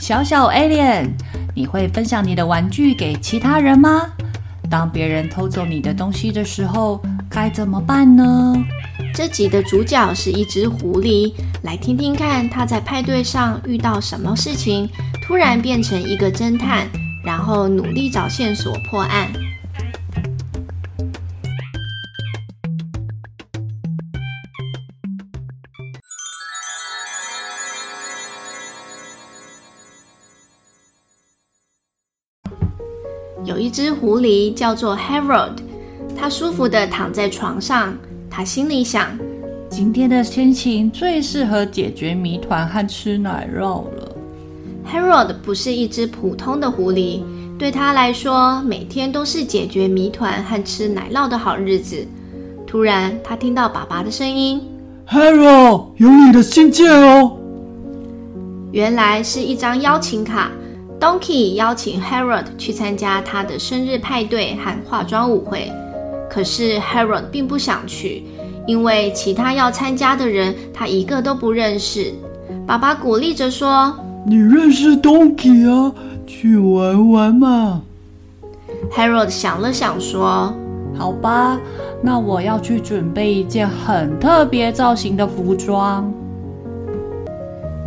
小小 Alien，你會分享你的玩具給其他人嗎？當別人偷走你的東西的時候，該怎麼辦呢？這集的主角是一隻狐狸，來聽聽看他在派對上遇到什麼事情，突然變成一個偵探，然後努力找線索破案。有一隻狐狸叫做 Harold，它舒服的躺在床上。它心裡想：今天的心情最適合解決謎團和吃奶酪了。Harold 不是一隻普通的狐狸，對他來說，每天都是解決謎團和吃奶酪的好日子。突然，他聽到爸爸的聲音：“Harold，有你的信件哦。”原來是一張邀請卡。Donkey 邀請 Harold 去參加他的生日派對和化妝舞會，可是 Harold 並不想去，因為其他要參加的人他一個都不認識。爸爸鼓勵着說：“你認識 Donkey 啊，去玩玩嘛。” Harold 想了想說：“好吧，那我要去準備一件很特別造型的服裝。”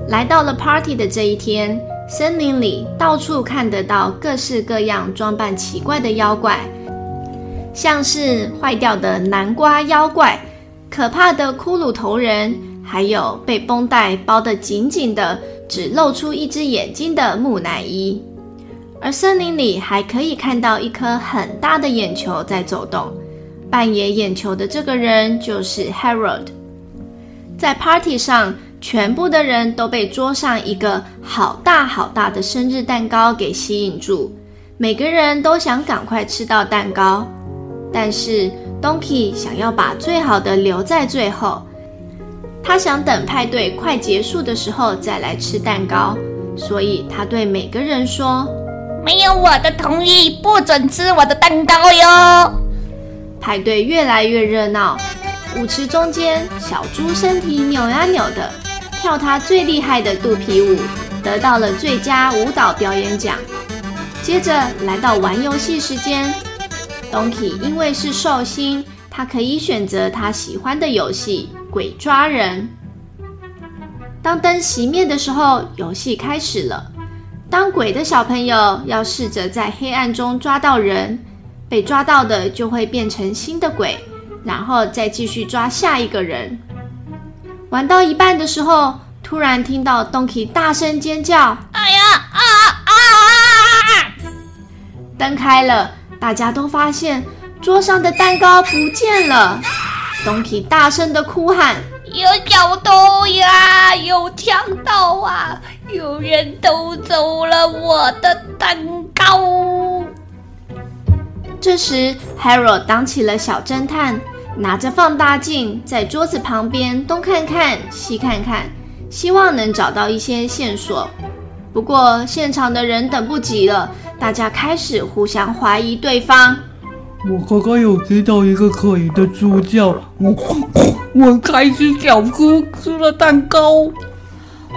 來到了 party 的這一天。森林裡到處看得到各式各樣裝扮奇怪的妖怪，像是壞掉的南瓜妖怪、可怕的骷髏頭人，還有被繃帶包得緊緊的、只露出一隻眼睛的木乃伊。而森林裡還可以看到一顆很大的眼球在走動，扮演眼球的這個人就是 Harold。在 party 上。全部的人都被桌上一個好大好大的生日蛋糕給吸引住，每個人都想趕快吃到蛋糕，但是 Donkey 想要把最好的留在最後，他想等派對快結束的時候再來吃蛋糕，所以他對每個人說：“沒有我的同意，不准吃我的蛋糕喲！”派對越來越熱鬧，舞池中間，小豬身體扭呀扭的。跳他最厲害的肚皮舞，得到了最佳舞蹈表演獎。接着來到玩遊戲時間 ，Donkey 因為是壽星，他可以選擇他喜歡的遊戲——鬼抓人。當燈熄滅的時候，遊戲開始了。當鬼的小朋友要試着在黑暗中抓到人，被抓到的就會變成新的鬼，然後再繼續抓下一個人。玩到一半的時候，突然聽到 Donkey 大聲尖叫：“哎呀啊啊啊啊！”啊啊啊，燈開了，大家都發現桌上的蛋糕不見了。啊、Donkey 大聲的哭喊：“有小偷呀！有強盜啊！有人偷走了我的蛋糕！”這時，Harold 當起了小偵探。拿着放大鏡在桌子旁邊東看看西看看，希望能找到一些線索。不過現場的人等不及了，大家開始互相懷疑對方。我剛剛有聽到一個可疑的豬叫，我我，我開始小豬。吃了蛋糕。我、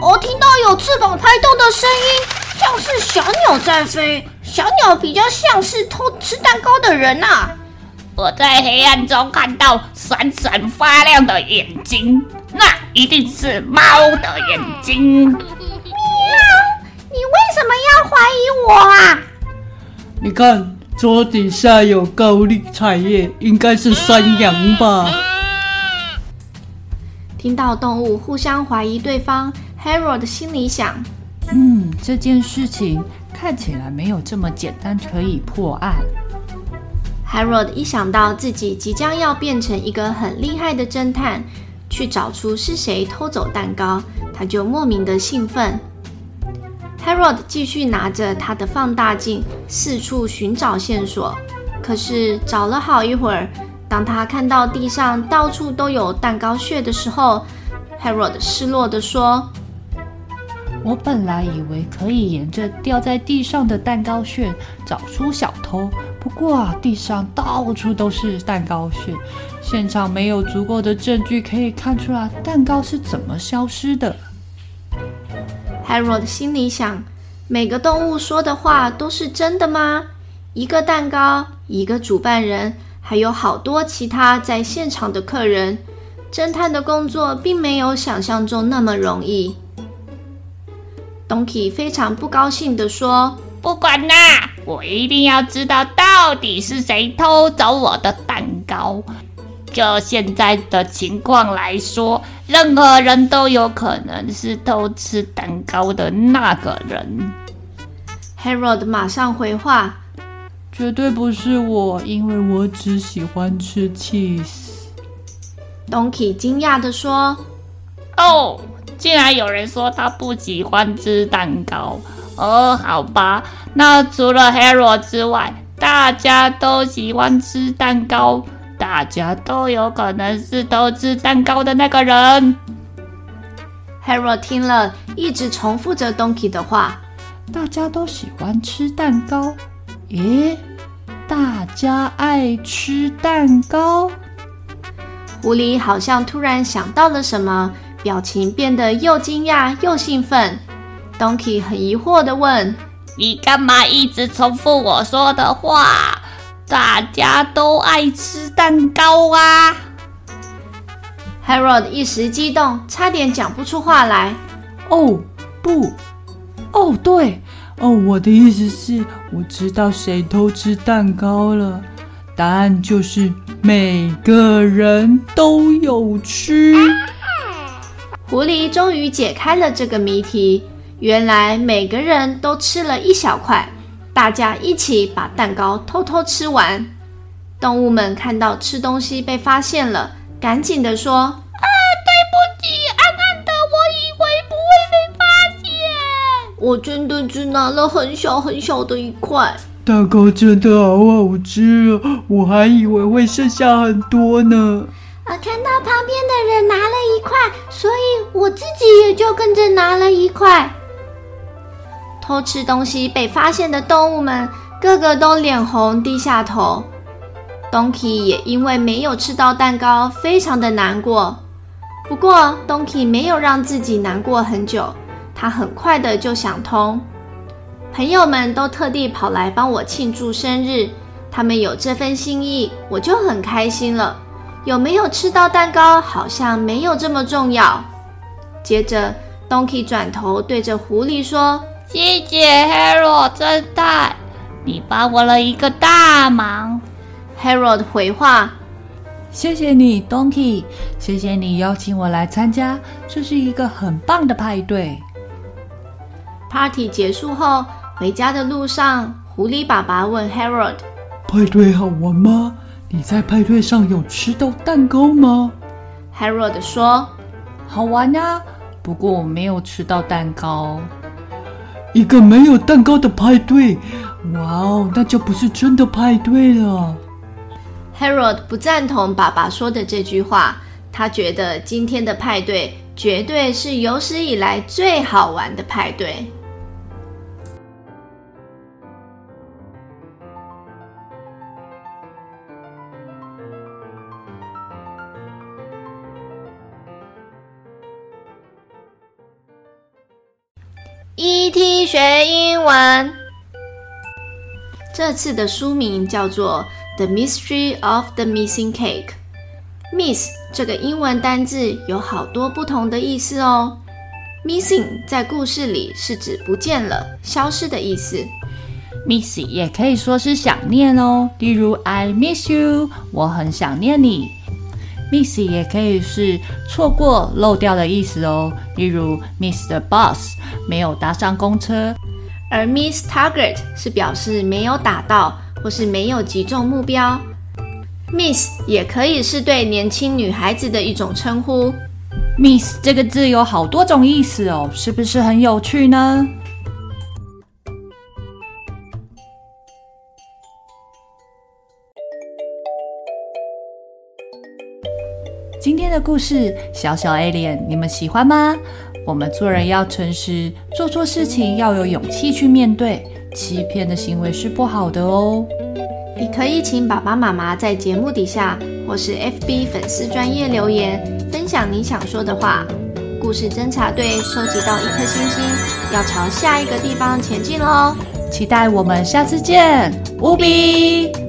哦、聽到有翅膀拍動的聲音，像是小鳥在飛。小鳥比較像是偷吃蛋糕的人吶、啊。我在黑暗中看到閃閃發亮的眼睛，那一定是貓的眼睛。喵！你為什麼要懷疑我啊？你看桌底下有高麗菜葉，應該是山羊吧。聽到動物互相懷疑對方，Harold 的心裡想：嗯，這件事情看起來沒有這麼簡單，可以破案。Harold 一想到自己即將要變成一個很厲害的偵探，去找出是誰偷走蛋糕，他就莫名的興奮。Harold 繼續拿着他的放大鏡四處尋找線索，可是找了好一會兒，當他看到地上到處都有蛋糕屑的時候，Harold 失落地說：“我本來以為可以沿着掉在地上的蛋糕屑找出小偷。”不過啊，地上到處都是蛋糕屑，現場沒有足夠的證據可以看出來蛋糕是怎麼消失的。Harold 心裡想：每個動物說的話都是真的嗎？一個蛋糕，一個主辦人，還有好多其他在現場的客人，偵探的工作並沒有想象中那麼容易。Donkey 非常不高興地說。不管啦、啊，我一定要知道到底是誰偷走我的蛋糕。就現在的情況來說，任何人都有可能是偷吃蛋糕的那個人。Harold 馬上回話：“絕對不是我，因為我只喜歡吃 cheese。”Donkey 驚訝地說：“哦，竟然有人說他不喜歡吃蛋糕。”哦，好吧，那除了 Hero 之外，大家都喜歡吃蛋糕，大家都有可能是偷吃蛋糕的那個人。Hero 聽了一直重複着 Donkey 的話：“大家都喜歡吃蛋糕。”咦，大家愛吃蛋糕？狐狸好像突然想到了什麼，表情變得又驚訝又興奮。Donkey 很疑惑的問：“你干嘛一直重複我說的話？大家都愛吃蛋糕啊！”Harold 一時激動，差點講不出話來。哦，oh, 不，哦、oh, 對，哦、oh，我的意思是，我知道誰偷吃蛋糕了。答案就是每個人都有吃。 狐狸終於解開了這個謎題。原來每個人都吃了一小塊，大家一起把蛋糕偷偷吃完。動物們看到吃東西被發現了，趕緊的說：“啊，對不起，安安的，我以為不會被發現。我真的只拿了很小很小的一塊。蛋糕真的好好吃啊，我還以為會剩下很多呢。啊，看到旁邊的人拿了一塊，所以我自己也就跟着拿了一塊。”偷吃東西被發現的動物們，個個都臉紅，低下頭。Donkey 也因為沒有吃到蛋糕，非常的難過。不過 Donkey 沒有讓自己難過很久，他很快的就想通。朋友們都特地跑來幫我慶祝生日，他們有這份心意，我就很開心了。有沒有吃到蛋糕，好像沒有這麼重要。接着 Donkey 轉頭對着狐狸說。謝謝 Harold 偵探，你幫我了一個大忙。Harold 回話：“謝謝你，Donkey，謝謝你邀請我來參加，這是一個很棒的派對。”Party 結束後，回家的路上，狐狸爸爸問 Harold：派對好玩嗎？你在派對上有吃到蛋糕嗎？Harold 說：“好玩呀、啊，不過我沒有吃到蛋糕。”一個沒有蛋糕的派對，哇哦，那就不是真的派對了。Harold 不贊同爸爸說的這句話，他覺得今天的派對絕對是有史以來最好玩的派對。ET 學英文，這次的書名叫做《The Mystery of the Missing Cake》。Miss 這個英文單字有好多不同的意思哦。Missing 在故事裡是指不見了、消失的意思。Miss 也可以說是想念哦，例如 I miss you，我很想念你。Miss 也可以是錯過、漏掉的意思哦，例如 Miss the bus 沒有搭上公車，而 Miss target 是表示沒有打到或是沒有擊中目標。Miss 也可以是對年輕女孩子的一種稱呼。Miss 這個字有好多種意思哦，是不是很有趣呢？今天的故事小小 Alien，你們喜歡嗎？我們做人要誠實，做錯事情要有勇氣去面對，欺騙的行為是不好的哦。你可以請爸爸媽媽在節目底下或是 FB 粉絲專頁留言，分享你想說的話。故事偵查隊收集到一顆星星，要朝下一個地方前進嘍！期待我們下次見，烏比。